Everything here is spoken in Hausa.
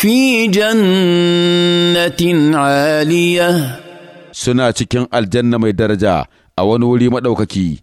في جنة عالية suna cikin aljanna mai daraja a wani wuri maɗaukaki